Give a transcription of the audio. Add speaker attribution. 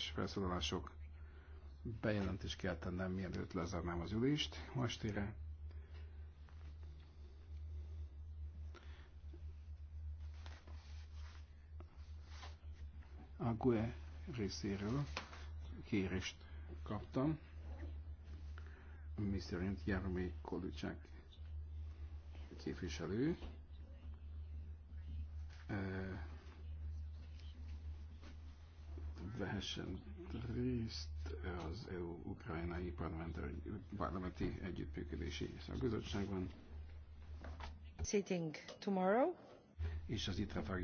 Speaker 1: és felszólalások. Bejelentést kell tennem, mielőtt lezárnám az ülést most ére. A GUE részéről kérést kaptam, mi szerint Jeremy Kolicsák képviselő, vehessen részt az EU-ukrajnai parlamenti
Speaker 2: együttműködési szakbizottságban.
Speaker 3: Sitting tomorrow.
Speaker 2: És az itt ITRA